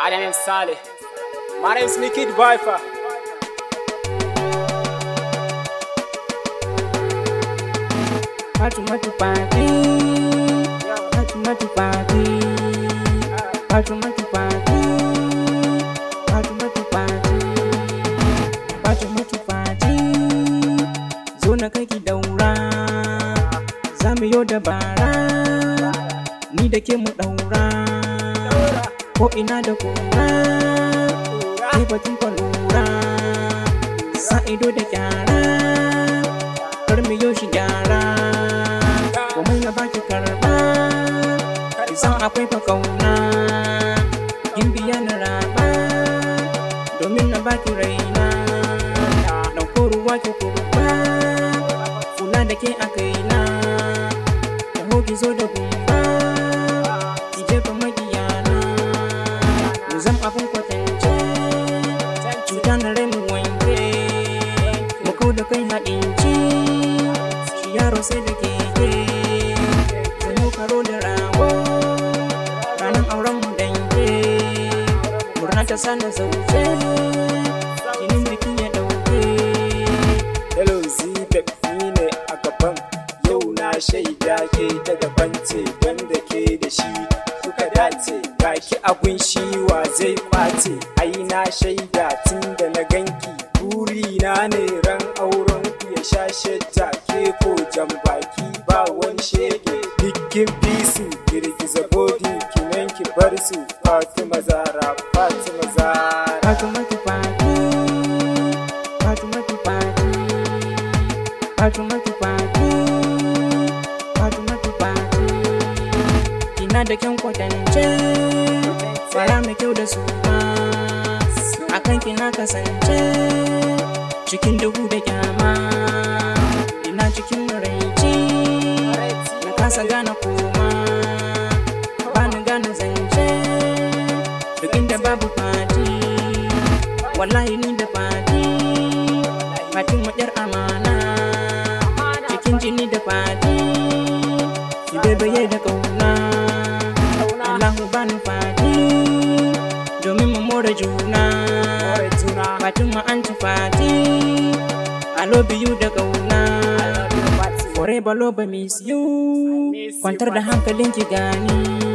Adam M. Saleh. My name is Nikid Viper. Matu matu party, matu matu party, matu matu party, matu matu party, matu matu party. Zo na daura, Zami yoda bara. dabara, ni da ke daura. ko ina da kura ai batun lura, sa ido da kyara kar mu yoshi gyara komai na baki karba san akwai fakauna yin biya na raba domin na baki raina Na ruwa ki kurba kula da ke a kaina da hoki zo da gumba su abin kwatance cuta na rai mu wanke mu da kai haɗin ci yaro sai da keke sanyo karo da rago ranar auren mu danke murna ta sanda zauce jinin biki ya ɗauke hello zibek ne a gaban yau na shaida ke daga bance wanda ke da shi kuka dace ki a shi wa zai kwace ai na shaida tun da na ganki buri na ne ran auren ku ya sha shajja ke ko jan baki ba wani shege bikin bisu girgiza bodi kinan ki bar su fatima zara fatima zara fatima ki fati fatima ki fati fatima na da kyan kwatance fara mai kyau da su a kan na kasance cikin duhu da kyama ina cikin maraici na kasa gane koma bani gane zance duk da babu fati wallahi ni da fati fati wadar amana cikin jini da fati babaye da kauna bani fati domin mu more juna Fatima an tufati I love you da kauna Forever love miss you Kwantar da hankalin ki gani